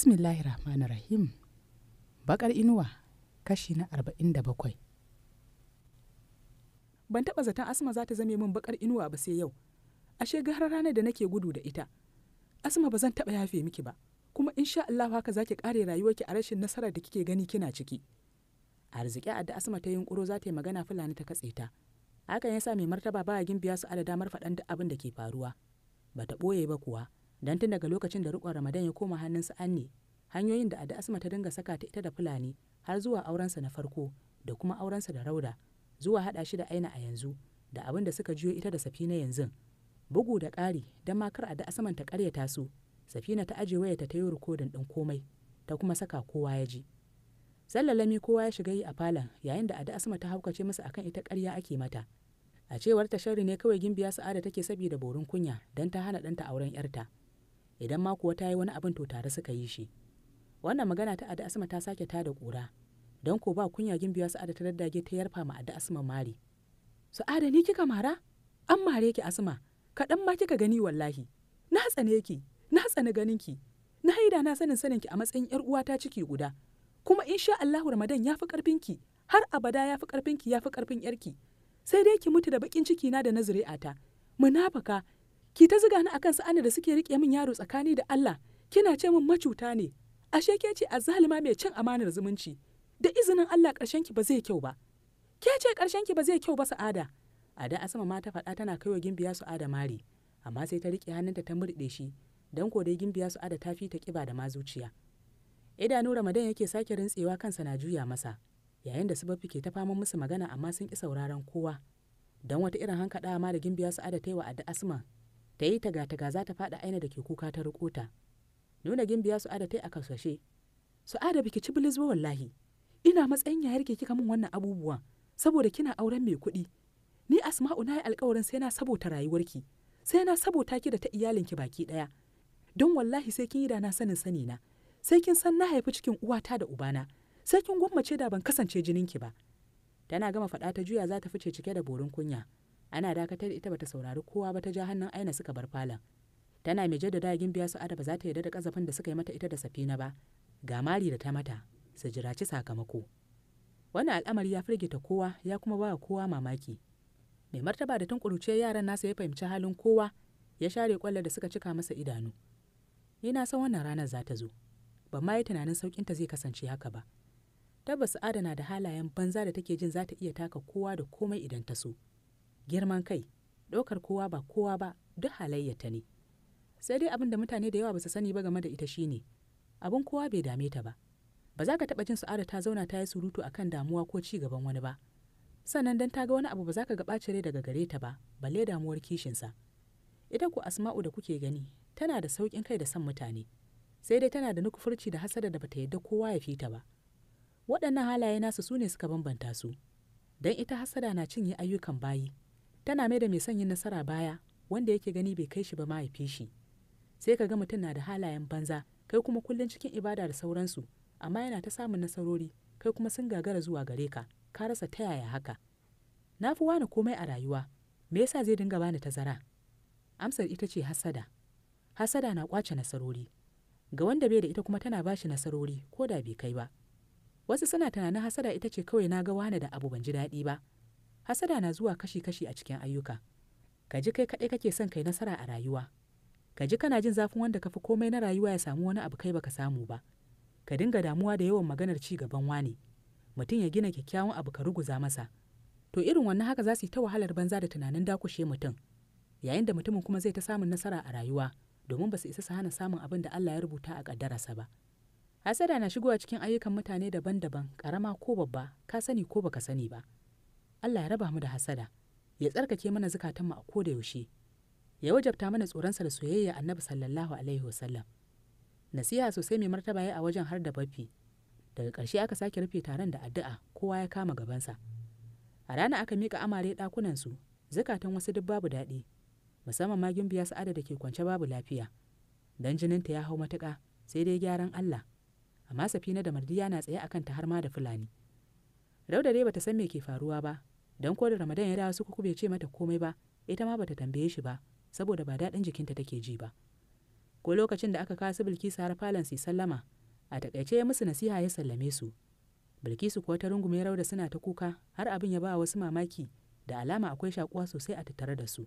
bismillahir rahmanir bakar inuwa kashi na 47 ban taba zaton asma za ta zame min bakar inuwa ba sai yau ashe gara ranar da nake gudu da ita asma ba zan taba yafe miki ba kuma insha Allah haka zaki kare rayuwarki a rashin nasarar da kike gani kina ciki arziki adda asma ta yunkuro za ta yi magana fulani ta katse ta hakan yasa mai martaba ba baya gimbiya su da damar faɗan duk abin da ke faruwa ba ta ɓoye ba kuwa don tun daga lokacin da rikon ramadan ya koma hannunsa anne hanyoyin da ada asma ta dinga saka ta ita da fulani har zuwa aurensa na farko da kuma aurensa da rauda zuwa haɗa shi da aina a yanzu da abin da suka jiyo ita da safina yanzu bugu da ƙari don kar ada asman ta ƙaryata su safina ta aje waya ta yi rikodin ɗin komai ta kuma saka kowa ya ji sallalami kowa ya shiga yi a falon yayin da ada asma ta haukace masa akan ita ƙarya ake mata a cewar ta shari ne kawai gimbiya sa'ada take sabida borin kunya don ta hana ɗanta auren 'yarta. idan ma kuwa ta yi wani abin to tare suka yi shi wannan magana ta adda asma ta sake ta da ƙura don ko ba kunya gimbiya su sa'ada ta daddage ta yarfa ma adda asma mari su ada ni kika mara an mare ki asma kaɗan ma kika gani wallahi na tsane ki na tsane ganin ki na haida na sanin sanin ki a matsayin yar uwata ciki guda kuma insha Allahu Ramadan ya fi karfin ki har abada ya fi karfin ki ya fi karfin yarki sai dai ki mutu da bakin ciki na da na zuri'ata munafaka ki ta ziga ni akan sa'ana da suke rike min yaro tsakani da Allah kina ce min macuta ne ashe ke ce azzalima mai cin amanar zumunci da izinin Allah ƙarshen ki ba zai kyau ba ke ce ƙarshen ki ba zai kyau ba sa'ada a da asama ma ta faɗa tana kaiwa gimbiya su'ada mari amma sai ta rike hannunta ta murɗe shi dan ko dai gimbiya su'ada ta fi ta ƙiba da ma zuciya idanu ramadan yake sake rintsewa kansa na juya masa yayin da sababbi ke ta fama musu magana amma sun ƙi sauraron kowa don wata irin hankaɗa ma da gimbiya su'ada ta yi wa adda asma ta yi taga-taga za ta faɗa aina da ke kuka ta rikota. ta nuna gimbiya su ada ta yi a kasashe su ada biki ci bilis wallahi ina matsayin yayar ke kika min wannan abubuwan saboda kina auren mai kuɗi ni asma'u na yi alkawarin sai na sabota rayuwarki sai na sabota ki da ta iyalinki baki ɗaya don wallahi sai kin yi da na sanin sani na sai kin san na haifi cikin uwata da ubana sai kin gwammace da ban kasance jininki ba tana gama faɗa ta juya za ta fice cike da borin kunya ana dakatar ita bata saurari kowa ba ta ja hannun aina suka bar falon tana mai jaddada biya su ada ba za ta yarda da kazafin da suka yi mata ita da safina ba ga mari da ta mata su jiraci sakamako wannan al'amari ya firgita kowa ya kuma ba kowa mamaki mai martaba da tunkuruce yaran nasa ya fahimci halin kowa ya share kwallo da suka cika masa idanu ni na san wannan ranar za ta zo ba ma yi tunanin saukin ta zai kasance haka ba tabbas adana da halayen banza da take jin za ta iya taka kowa da komai idan ta so girman kai ɗaukar kowa ba kowa ba duk halayyata ne sai dai abin da mutane da yawa ba su sani ba game da ita shine abin kowa bai dame ta ba ba za ka taɓa jin su'ada ta zauna ta yi surutu akan damuwa ko ci gaban wani ba sannan dan ta ga wani abu ba za ka ga ɓacin rai daga gare ta ba balle damuwar kishinsa ita ku asma'u da kuke gani tana da sauƙin kai da son mutane sai dai tana da nukufurci da hasada da bata yadda kowa ya fita ba waɗannan halaye nasu su ne suka bambanta su don ita hasada na cinye ayyukan bayi tana mai da mai sanyin nasara baya wanda yake gani bai kai shi ba mahaifi shi sai ka ga mutum na da halayen banza kai kuma kullum cikin ibada da sauransu amma yana ta samun nasarori kai kuma sun gagara zuwa gare ka ka rasa ta yaya haka na fi wani komai a rayuwa me yasa zai dinga bani tazara amsar ita ce hasada hasada na kwace nasarori ga wanda bai da ita kuma tana bashi nasarori ko da bai kai ba wasu suna tunanin hasada ita ce kawai na ga wani da abu ban ji daɗi ba hasada na zuwa kashi-kashi a cikin ayyuka ka ji kai kaɗai kake son kai nasara a rayuwa ka ji kana jin zafin wanda ka fi komai na rayuwa ya samu wani abu kai baka samu ba ka dinga damuwa da yawan maganar ci gaban wani mutum ya gina kyakkyawan abu ka ruguza masa to irin wannan haka za su yi ta wahalar banza da tunanin dakushe mutum yayin da mutumin kuma zai ta samun nasara a rayuwa domin ba su isa su hana samun abin da Allah ya rubuta a ƙaddararsa ba. Hasada na shigowa cikin ayyukan mutane daban-daban, karama ko babba, ka sani ko baka sani ba. Allah ya raba mu da hasada ya tsarkake mana zukatanmu a koda yaushe ya wajabta mana tsoron sa da soyayya annabi sallallahu alaihi wasallam nasiha sosai mai martaba ya a wajen har da baffi daga ƙarshe aka sake rufe taron da addu'a kowa ya kama gabansa a rana aka miƙa amare ɗakunansu zukatan wasu duk babu daɗi musamman ma gimbiya sa'ada da ke kwance babu lafiya dan jininta ya hau matuƙa sai dai gyaran Allah amma safina da mardiya na tsaye akan ta har ma da fulani rauda dai bata san me ke faruwa ba, don ko da ramadan ya dawo suka kube ce mata komai ba ita ma bata tambaye shi ba saboda ba daɗin jikinta take ji ba ko lokacin da aka kasu bilkisu har falon su sallama a takaice ya musu nasiha ya sallame su bilkisu kuwa ta rungume da suna ta kuka har abin ya ba wasu mamaki da alama akwai shakuwa sosai a tattare da su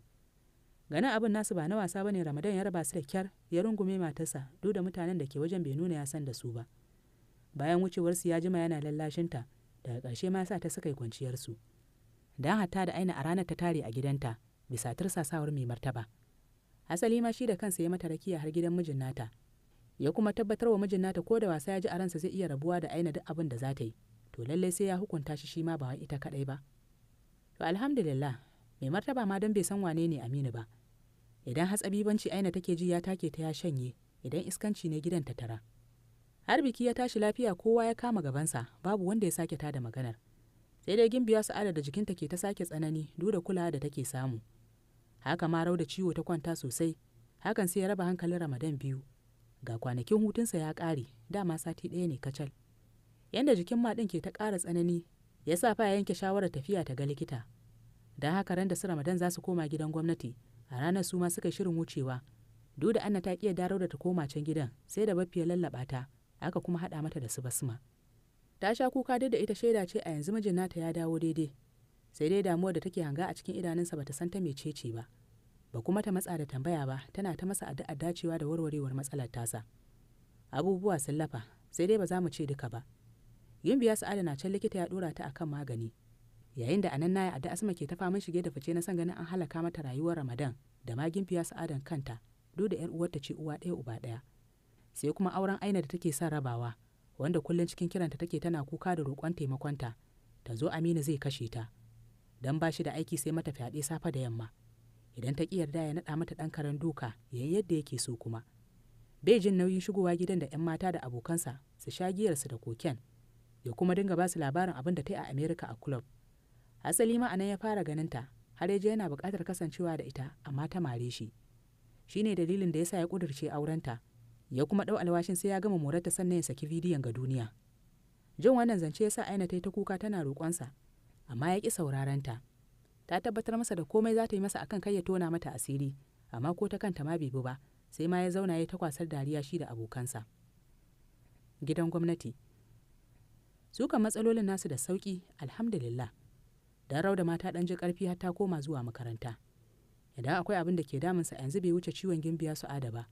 ganin abin nasu ba na wasa bane ramadan ya raba su da kyar ya rungume matarsa duk da mutanen da ke wajen bai nuna ya san da su ba bayan wucewarsu ya jima yana lallashinta daga ƙarshe ma sa ta suka yi kwanciyarsu su don hatta da aina a ranar ta tare a gidanta bisa tursasawar mai martaba asali ma shi da kansa ya mata rakiya har gidan mijin nata ya kuma tabbatar wa mijin nata ko da wasa ya ji a ransa zai iya rabuwa da aina duk abin da za ta yi to lallai sai ya hukunta shi shi ma ba ita kaɗai ba to alhamdulillah mai martaba ma don bai san wane ne aminu ba idan hatsabibanci aina take ji ya take ta ya shanye idan iskanci ne gidan ta tara har biki ya tashi lafiya kowa ya kama gabansa babu wanda ya sake tada maganar sai dai gimbiya su da jikinta ke ta sake tsanani duk da kulawa da take samu haka ma rau da ciwo ta kwanta sosai hakan sai ya raba hankalin ramadan biyu ga kwanakin hutunsa ya kare dama sati ɗaya ne kacal yadda jikin ma ɗin ke ta ƙara tsanani ya sa fa ya yanke shawarar tafiya ta ga likita don haka ran da su ramadan za su koma gidan gwamnati a ranar su ma suka shirin wucewa duk da anna ta ƙiya darau da ta koma can gidan sai da baffi ya lallaɓa ta aka kuma haɗa mata da su basma. ta sha kuka duk da ita shaida ce a yanzu mijin nata ya dawo daidai sai dai damuwar da take hanga a cikin idanunsa bata san ta mecece ba ba kuma ta matsa da tambaya ba tana ta masa addu'a dacewa da warwarewar matsalar tasa abubuwa sun lafa sai dai ba za mu ce duka ba yin biya sa'ada na can likita ya dora ta akan magani yayin da anan naya adda asma ke ta fama shige da fice na san ganin an halaka mata rayuwar ramadan da ma gimfiya sa'adan kanta duk da yar uwarta ce uwa ɗaya uba ɗaya sai kuma auren aina da take son rabawa wanda kullum cikin kiranta take tana kuka da roƙon taimakonta ta zo aminu zai kashe ta don ba shi da aiki sai mata fyaɗe safe da yamma idan ta ƙi yarda ya naɗa mata ɗan karen duka ya yi yadda yake so kuma bai jin nauyin shigowa gidan da 'yan mata da abokansa su sha giyarsu da koken ya kuma dinga basu labarin abin da ta yi a america a kulob. asali ma anan ya fara ganinta har ya je yana buƙatar kasancewa da ita amma ta mare shi shine dalilin da yasa ya ƙudurce aurenta ya kuma ɗau alwashin sai ya gama morarta sannan ya saki bidiyon ga duniya jin wannan zance ya sa aina ta yi ta kuka tana roƙonsa amma ya ƙi sauraron ta Ta tabbatar masa da komai za ta yi masa akan kai ya tona mata asiri amma ko ta kanta ma bai bi ba sai ma ya zauna ya ta kwasar dariya shi da abokansa gidan gwamnati sukan matsalolin nasu da sauki alhamdulillah dan da mata ɗan ji ƙarfi har ta koma zuwa makaranta idan akwai abin da ke damunsa yanzu bai wuce ciwon gimbiya su ada ba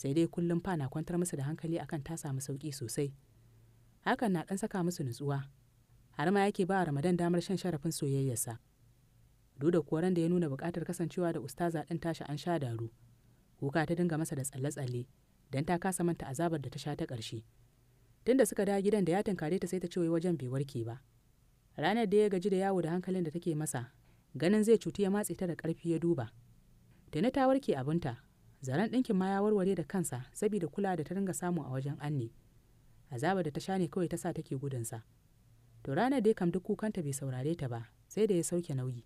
sai dai kullum fa na kwantar musu da hankali akan ta samu sauki sosai hakan na ɗan saka musu nutsuwa har ma yake ba ramadan damar shan sharafin soyayyarsa duk da kuwa da ya nuna bukatar kasancewa da ustaza ɗin tashi an sha daru kuka ta dinga masa da tsalle-tsalle dan ta kasa manta azabar da ta sha ta ƙarshe da suka dawo gidan da ya tankare ta sai ta ce wajen bai warke ba ranar da ya gaji da yawo da hankalin da take masa ganin zai cuti ya matse ta da karfi ya duba tana ta warke abinta zaren ɗinkin ma ya warware da kansa sabida kula da ta dinga samu a wajen anne azaba da ta sha ne kawai ta sa take gudunsa to ranar dai kam duk kukanta bai saurare ta ba sai da ya sauke nauyi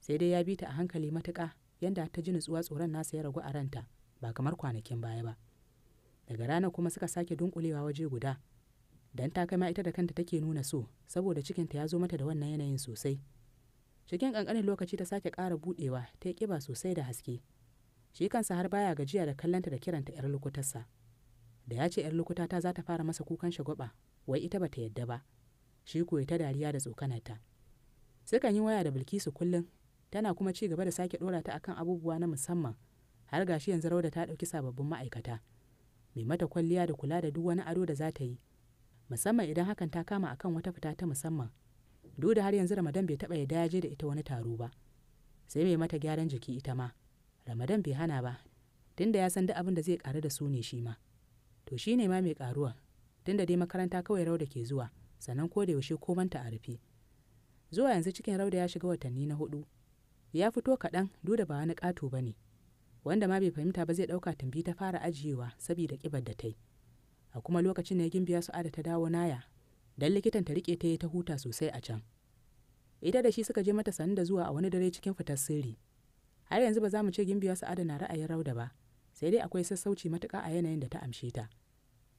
sai dai ya bi ta a hankali matuƙa yanda ta ji nutsuwa tsoron nasa ya ragu a ranta ba kamar kwanakin baya ba daga ranar kuma suka sake dunkulewa waje guda dan ta kama ita da kanta take nuna so saboda cikinta ya zo mata da wannan yanayin sosai cikin ƙanƙanin lokaci ta sake ƙara buɗewa ta yi ƙiba sosai da haske shi kansa har baya gajiya da kallanta da kiranta 'yar lokutarsa da ya ce 'yar ta za ta fara masa kukan shagwaba wai ita bata yadda ba shi koyi ta dariya da tsokanarta sukan yi waya da bilkisu kullum tana kuma ci gaba da sake dora ta akan abubuwa na musamman har gashi yanzu rauda ta ɗauki sababbin ma'aikata mai mata kwalliya da kula da duk wani ado da za ta yi musamman idan hakan ta kama akan wata fita ta musamman duk da har yanzu ramadan bai taɓa ya je da ita wani taro ba sai mai mata gyaran jiki ita ma ramadan bai hana ba tunda ya san duk abin da zai karu da su ne shi ma to shi ne ma mai ƙaruwa tunda dai makaranta kawai rauda ke zuwa sannan ko da yaushe ko manta a rufe zuwa yanzu cikin rauda ya shiga watanni na hudu ya fito kaɗan duk da ba wani ƙato ba ne wanda ma bai fahimta ba zai ɗauka tumbi ta fara ajiyewa saboda ƙibar da ta yi a kuma lokacin da ya gimbiya su ada ta dawo naya dan likitan ta riƙe ta yi ta huta sosai a can ita da shi suka je mata sanin da zuwa a wani dare cikin fitar sirri har yanzu ba za mu ce gimbiya sa'ada na ra'ayin rauda ba sai dai akwai sassauci matuƙa a yanayin da ta amshe ta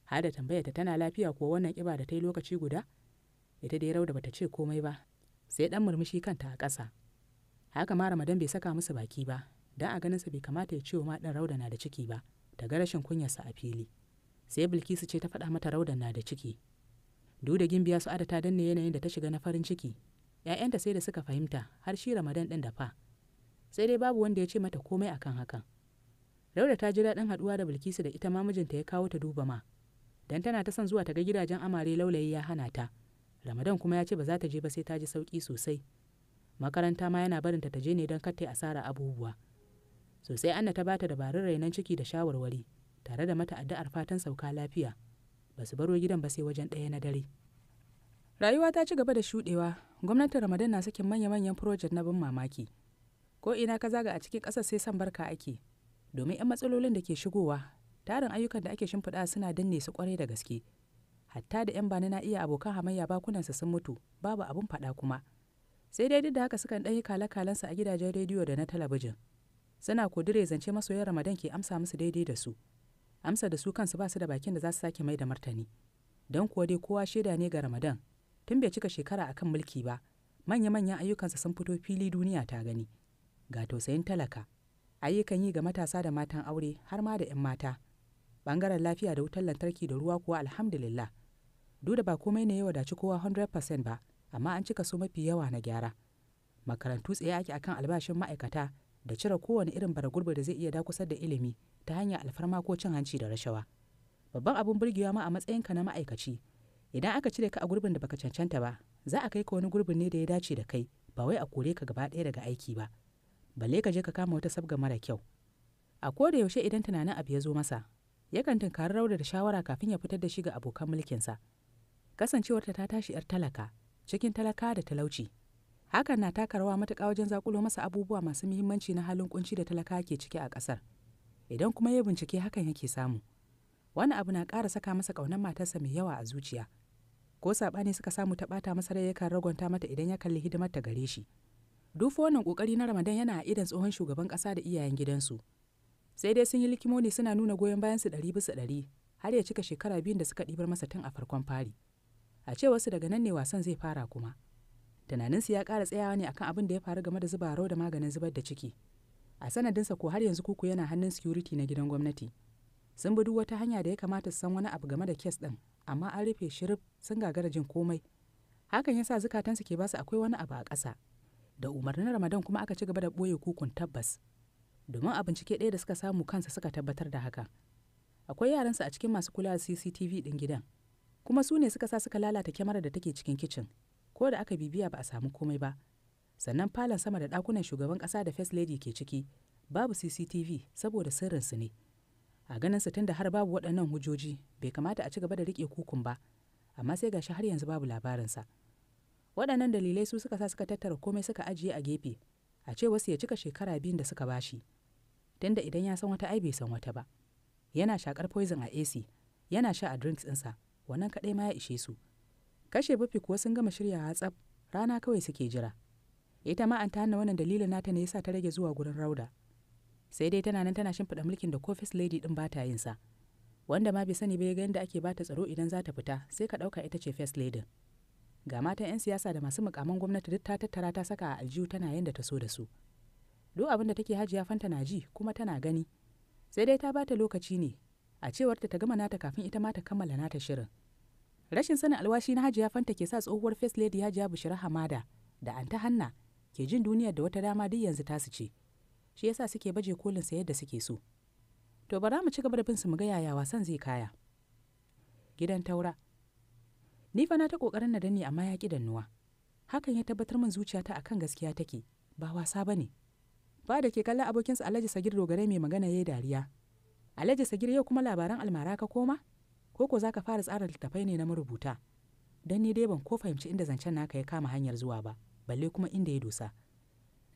hada tambaya ta tana lafiya ko wannan ƙiba da ta yi lokaci guda ita dai rauda bata ce komai ba sai dan murmushi kanta a ƙasa haka ma ramadan bai saka musu baki ba dan a ganinsa bai kamata ya ce wa ɗan rauda na da ciki ba daga rashin kunyarsa a fili sai bilkisu ce ta faɗa mata rauda na da ciki duk da gimbiya su ta danne yanayin da ta shiga na farin ciki ‘ya'yanta sai da suka fahimta har shi ramadan ɗin da fa sai dai babu wanda ya ce mata komai akan hakan Rauda ta ji daɗin haɗuwa da Bilkisu da ita ma mijinta ya kawo ta duba ma. Dan tana ta son zuwa ta ga gidajen amare laulayi ya hana ta. Ramadan kuma ya ce ba za ta je ba sai ta ji sauƙi sosai. Makaranta ma yana barin ta ta je ne don kar ta asara abubuwa. Sosai Anna ta bata dabarun rainan ciki da shawarwari tare da mata addu'ar fatan sauka lafiya. Ba su baro gidan ba sai wajen ɗaya na dare. Rayuwa ta ci gaba da shuɗewa. Gwamnatin Ramadan na sakin manya-manyan project na bin mamaki. ko ina ka zaga a cikin ƙasar sai san barka ake domin 'yan matsalolin da ke shigowa tarin ayyukan da ake shimfiɗa suna danne su kwarai da gaske hatta da 'yan bani na iya abokan hamayya bakunansa sun mutu babu abun faɗa kuma sai dai duk da haka sukan ɗan yi kale-kalensu a gidajen rediyo da na talabijin suna kudure zance masoyan ramadan ke amsa musu daidai da su amsa da su kansu ba su da bakin da za su sake mai da martani don kuwa dai kowa shaida ne ga ramadan tun bai cika shekara akan mulki ba manya-manyan ayyukansa sun fito fili duniya ta gani ga tausayin talaka ayyukan yi ga matasa da matan aure har ma da 'yan mata bangaren lafiya da wutar lantarki da ruwa kuwa alhamdulillah duk da ba komai ne ya wadaci kowa 100% ba amma an cika so mafi yawa na gyara makarantu tsaye ake akan albashin ma'aikata da cire kowane irin baragurbi da zai iya dakusar da ilimi ta hanyar alfarma ko cin hanci da rashawa babban abin burgewa ma a matsayin ka na ma'aikaci idan aka cire ka a gurbin da baka cancanta ba za a kai ka wani gurbin ne da ya dace da kai ba wai a kore ka gaba ɗaya daga aiki ba balle ka je ka kama wata sabga mara kyau a koda yaushe idan tunanin abu ya zo masa yakan tunkari rauda da shawara kafin ya fitar da shi ga abokan mulkinsa kasancewar ta tashi yar talaka cikin talaka da talauci hakan na taka rawa matuƙa wajen zakulo masa abubuwa masu muhimmanci na halin kunci da talaka ke ciki a ƙasar idan kuma ya bincike hakan yake samu wani abu na ƙara saka masa ƙaunar matarsa mai yawa a zuciya ko saɓani suka samu ta ɓata masa rai yakan ragonta mata idan ya kalli hidimar ta gare shi duk wannan kokari na ramadan yana a idan tsohon shugaban kasa da iyayen gidansu sai dai sun yi likimoni suna nuna goyon bayan su ɗari bisa ɗari har ya cika shekara biyun da suka ɗibar masa tun a farkon fari a ce wasu daga nan ne wasan zai fara kuma tunaninsu ya ƙara tsayawa ne akan abin da ya faru game da zuba da maganin zubar da ciki a sanadinsa ko har yanzu kuku yana hannun security na gidan gwamnati sun bi duk wata hanya da ya kamata su san wani abu game da kes ɗin amma an rufe shirif sun gagara jin komai hakan yasa zukatansu ke basu akwai wani abu a ƙasa da umarnin ramadan kuma aka ci gaba da ɓoye kukun tabbas domin a bincike ɗaya da suka samu kansa suka tabbatar da haka akwai yaransa a cikin masu kula cctv ɗin gidan kuma su ne suka sa suka lalata kyamarar da take cikin kicin ko da aka bibiya ba a samu komai ba sannan falon sama da ɗakunan shugaban ƙasa da first lady ke ciki babu cctv saboda sirrinsu ne a ganin su tunda har babu waɗannan hujjoji bai kamata a ci gaba da riƙe kukun ba amma sai gashi har yanzu babu labarinsa. sa waɗannan dalilai su suka sa suka tattara komai suka ajiye a gefe a ce wasu ya cika shekara biyun da suka bashi da idan ya san wata ai bai san wata ba yana shakar poison a AC yana sha a drinks ɗinsa wannan kaɗai ma ya ishe su kashe bafi kuwa sun gama shiryawa tsaf rana kawai suke jira ita ma an ta hana wannan dalilin nata ne yasa ta rage zuwa gurin rauda sai dai tana nan tana shimfiɗa mulkin da kofis lady ɗin ba ta yin sa wanda ma bai sani ba ya ga yadda ake ba ta tsaro idan za ta fita sai ka ɗauka ita ce first lady ga matan 'yan siyasa da masu mukaman gwamnati duk ta tattara ta saka a aljihu tana yanda ta so da su duk abin da take hajiya fanta na ji kuma tana gani sai dai ta bata lokaci ne a cewar ta gama nata kafin ita ma ta kammala nata shirin rashin sanin alwashi na hajiya fanta ke sa tsohuwar first lady hajiya bishira hamada da anta hanna ke jin duniyar da wata dama duk yanzu ta su ce shi yasa suke baje kolin sa yadda suke so to bara mu ci gaba da bin su mu ga yaya wasan zai kaya gidan taura ni fa na ta kokarin na dani amma ya ki dannuwa hakan ya tabbatar min zuciyata akan gaskiya take ba wasa bane ba da ke kallon abokin sa Alhaji Sagir dogare mai magana yayi dariya Alhaji Sagir yau kuma labaran almara ka koma ko ko zaka fara tsara littafai ne na marubuta dan ni dai ban ko fahimci inda zancen naka ya kama hanyar zuwa ba balle kuma inda ya dosa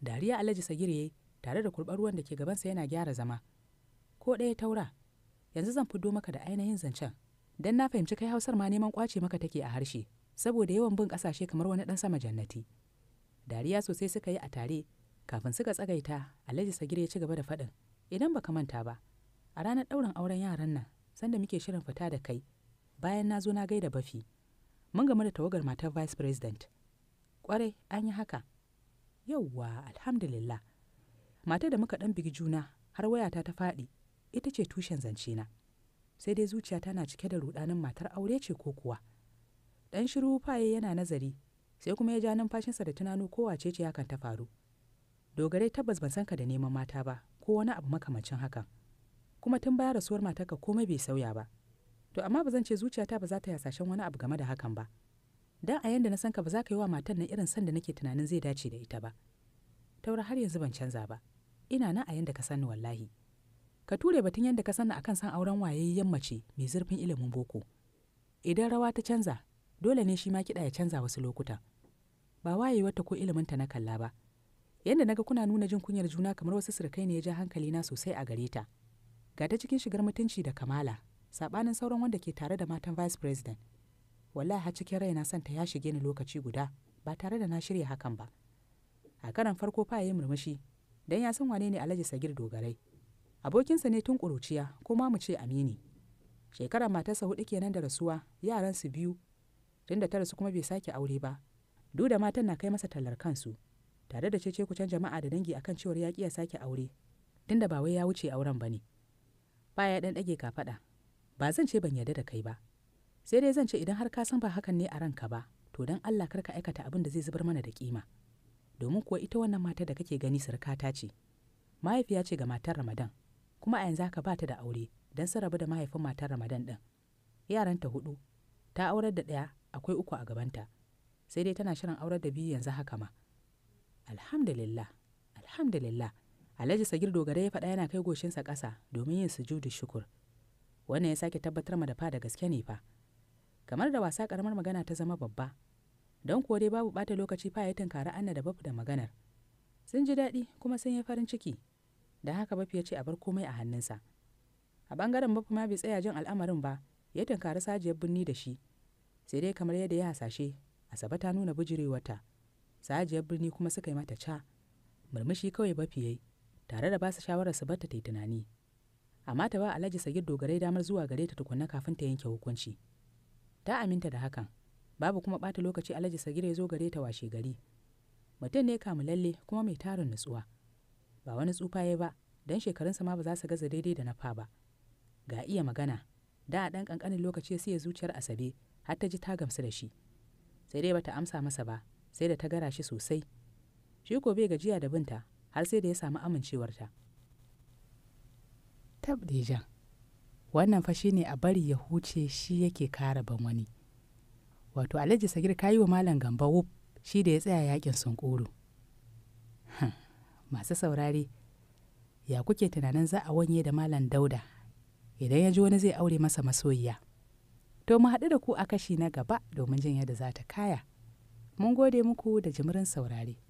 dariya Alhaji Sagir yayi tare da kurɓar ruwan da ke gabansa yana gyara zama ko ɗaya taura yanzu zan fido maka da ainihin zancen dan na fahimci kai hausar ma neman kwace maka take a harshe saboda yawan bin ƙasashe kamar wani dan sama jannati dariya sosai suka yi a tare kafin suka tsagaita alhaji sagire ya ci gaba da faɗin idan baka manta ba a ranar ɗaurin auren yaran nan sanda muke shirin fita da kai bayan na zo na gaida bafi mun gamu da tawagar matar vice president kwarai an yi haka yauwa alhamdulillah matar da muka ɗan bigi juna har wayata ta faɗi ita ce tushen zance na. sai dai zuciya tana cike da rudanin matar aure ce ko kuwa dan shiru faye yana nazari sai kuma ya ja numfashinsa da tunano ko wace ce hakan ta faru dogarai tabbas ban san ka da neman mata ba ko wani abu makamancin hakan kuma tun baya rasuwar matarka komai bai sauya ba to amma ba zan ce zuciyata ba za ta yasashen wani abu game da hakan ba dan a yanda na san ka ba za ka yi wa matan nan irin san da nake tunanin zai dace da ita ba taura har yanzu ban canza ba ina nan a yanda ka sani wallahi ka ture batun yadda ka sani akan san auren waye yammaci mai zurfin ilimin boko idan rawa ta canza dole ne shi ma kiɗa ya canza wasu lokuta ba wata ko iliminta na kalla ba yadda naga kuna nuna jin kunyar juna kamar wasu sirkai ne ya ja hankali na sosai a gare ta ga ta cikin shigar mutunci da kamala saɓanin sauran wanda ke tare da matan vice president wallahi har cikin raina son ta ya shige ni lokaci guda ba tare da na shirya hakan ba a karan farko fa yi murmushi dan ya san wane ne Alhaji Sagir Dogarai abokinsa ne tun ƙuruciya kuma mu ce amini shekara matarsa hudu kenan da rasuwa yaransu biyu tun da ta rasu kuma bai sake aure ba duk da matan na kai masa tallar kansu tare da cece kucen jama'a da dangi akan cewar ya ya sake aure tun da ba wai ya wuce auren ba ne ba ya ɗan ɗage ka faɗa ba zan ce ban yarda da kai ba sai dai zan ce idan har ka san ba hakan ne a ranka ba to don Allah kar ka aikata abin da zai zubar mana da kima domin kuwa ita wannan mata da kake gani surkata ce mahaifiya ce ga matar Ramadan kuma a yanzu haka ba ta da aure don sun rabu da mahaifin matar Ramadan ɗin. Yaranta hudu, ta aurar da ɗaya akwai uku a gabanta, sai dai tana shirin aurar da biyu yanzu haka ma. Alhamdulillah, alhamdulillah, Alhaji Sagir Dogara ya faɗa yana kai goshinsa ƙasa domin yin sujudu shukur. Wannan ya sake tabbatar ma da fa da gaske ne fa. Kamar da wasa ƙaramar magana ta zama babba, don kuwa dai babu ɓata lokaci fa ya tunkari Anna da babu da maganar. Sun ji daɗi kuma sun yi farin ciki da haka bafi ya ce a bar komai a hannunsa a ɓangaren bafi ma bai tsaya jin al'amarin ba ya tunkari sajiyar birni da shi sai dai kamar yadda ya hasashe asabe ta nuna bijirewarta sajiyar birni kuma suka yi mata ca murmushi kawai bafi yayi tare da basu shawarar su barta ta yi tunani amma ta ba alhaji sagir dogarai damar zuwa gare ta tukunna kafin ta yanke hukunci ta aminta da hakan babu kuma ɓata lokaci alhaji sagir ya zo gare ta washe gari mutum ne lalle kuma mai tarin nutsuwa ba wani tsufa ya ba don shekarunsa ma ba za su gaza daidai da na fa ba ga iya magana da a ɗan ƙanƙanin lokaci ya siya zuciyar asabe har ta ji ta gamsu da shi sai dai bata amsa masa ba sai da ta gara shi sosai shi ko bai gajiya da binta har sai da ya samu amincewarta tabdijan wannan fa shine a bari ya huce shi yake kara ban wani wato alhaji sagir kayi wa malam gamba wuf shi da ya tsaya yakin sunkuru masu saurare ya kuke tunanin za a wanye da malam dauda idan ya ji wani zai aure masa masoyiya to mu haɗu da ku a kashi na gaba domin jin yadda za ta kaya mun gode muku da jimirin saurare